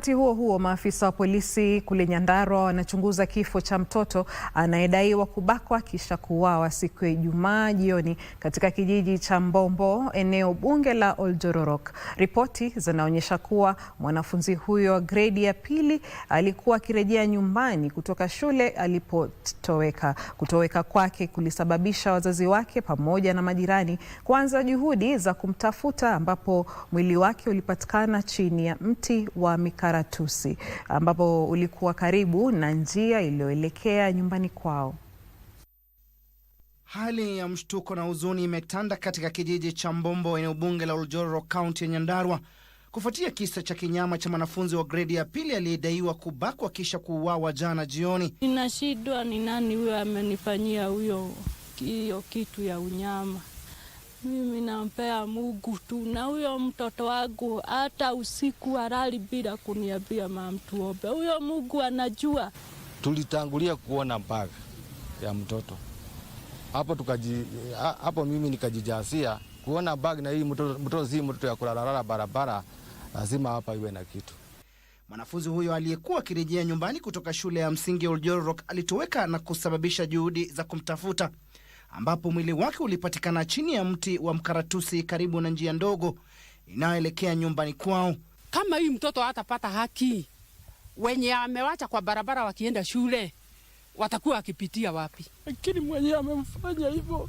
Wakati huo huo, maafisa wa polisi kule Nyandarua wanachunguza kifo cha mtoto anayedaiwa kubakwa kisha kuuawa siku ya Ijumaa jioni katika kijiji cha Mbombo, eneo bunge la Oljororok. Ripoti zinaonyesha kuwa mwanafunzi huyo wa gredi ya pili alikuwa akirejea nyumbani kutoka shule alipotoweka. Kutoweka kwake kulisababisha wazazi wake pamoja na majirani kuanza juhudi za kumtafuta, ambapo mwili wake ulipatikana chini ya mti wa mika Karatusi ambapo ulikuwa karibu na njia iliyoelekea nyumbani kwao. Hali ya mshtuko na huzuni imetanda katika kijiji cha Mbombo, eneo bunge la Oljoro, kaunti ya Nyandarua, kufuatia kisa cha kinyama cha mwanafunzi wa gredi ya pili aliyedaiwa kubakwa kisha kuuawa jana jioni. Ninashindwa ni nani huyo amenifanyia huyo hiyo kitu ya unyama. Mimi nampea Mungu tu, na huyo mtoto wangu hata usiku arali bila kuniambia mama, tuombe. Huyo Mungu anajua. Tulitangulia kuona mpaka ya mtoto hapo, tukaji hapo, mimi nikajijasia kuona bag na hii mtoto, mtoto zii mtoto ya kulalalala barabara, lazima hapa iwe na kitu. Mwanafunzi huyo aliyekuwa akirejea nyumbani kutoka shule ya msingi Oljororok alitoweka na kusababisha juhudi za kumtafuta ambapo mwili wake ulipatikana chini ya mti wa mkaratusi karibu na njia ndogo inayoelekea nyumbani kwao. Kama hii mtoto hatapata haki, wenye amewacha kwa barabara wakienda shule watakuwa wakipitia wapi? Lakini mwenye amemfanya hivyo,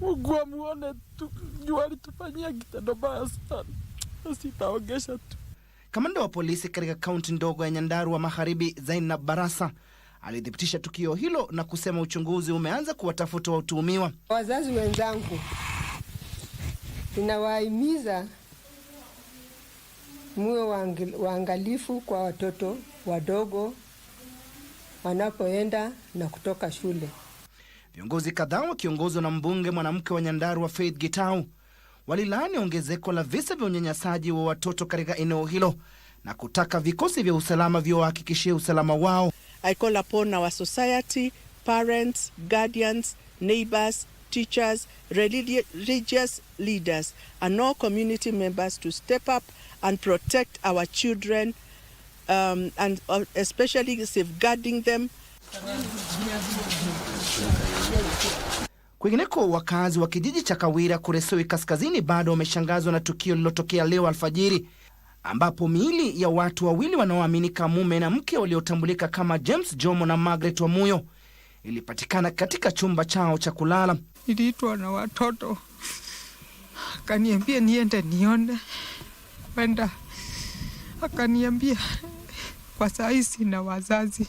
Mungu amuone tu, jua alitufanyia kitendo baya sana, sitaongesha tu. Kamanda wa polisi katika kaunti ndogo ya Nyandarua Magharibi, Zainab Barasa alithibitisha tukio hilo na kusema uchunguzi umeanza kuwatafuta watuhumiwa. Wazazi wenzangu, ninawahimiza muwe waangalifu kwa watoto wadogo wanapoenda na kutoka shule. Viongozi kadhaa wakiongozwa na mbunge mwanamke wa Nyandarua Faith Gitau walilaani ongezeko la visa vya unyanyasaji wa watoto katika eneo hilo na kutaka vikosi vya usalama viwahakikishie usalama wao. I call upon our society, parents, guardians, neighbors, teachers, religious leaders, and all community members to step up and protect our children um, and uh, especially safeguarding them. Kwingineko, wakazi wa kijiji cha Kawira Kuresoi Kaskazini bado wameshangazwa na tukio lililotokea leo alfajiri ambapo miili ya watu wawili wanaoaminika mume na mke waliotambulika kama James Jomo na Margaret Wamuyo ilipatikana katika chumba chao cha kulala. Niliitwa na watoto akaniambia niende nione wenda, akaniambia kwa saisi na wazazi.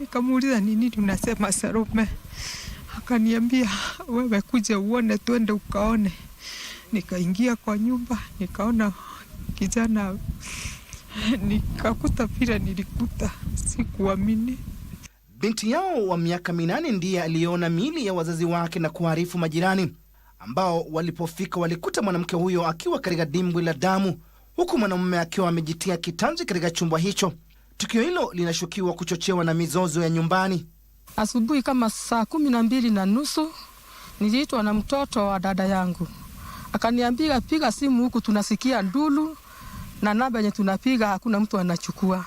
Nikamuuliza ni nini unasema Sarume? Akaniambia wewe kuja uone, twende ukaone. Nikaingia kwa nyumba nikaona kijana nikakuta vile nilikuta, sikuamini. Binti yao wa miaka minane ndiye aliona miili ya wazazi wake na kuarifu majirani, ambao walipofika walikuta mwanamke huyo akiwa katika dimbwi la damu, huku mwanamume akiwa amejitia kitanzi katika chumba hicho. Tukio hilo linashukiwa kuchochewa na mizozo ya nyumbani. Asubuhi kama saa kumi na mbili na nusu niliitwa na mtoto wa dada yangu, akaniambia piga simu, huku tunasikia ndulu na namba yenye tunapiga hakuna mtu anachukua.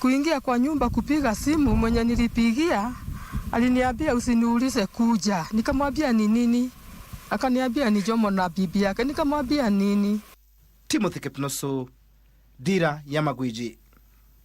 Kuingia kwa nyumba kupiga simu, mwenye nilipigia aliniambia usiniulize kuja, nikamwambia ni nini, akaniambia ni Jomo na bibi yake, nikamwambia nini. Timothy Kipnoso, Dira ya Magwiji.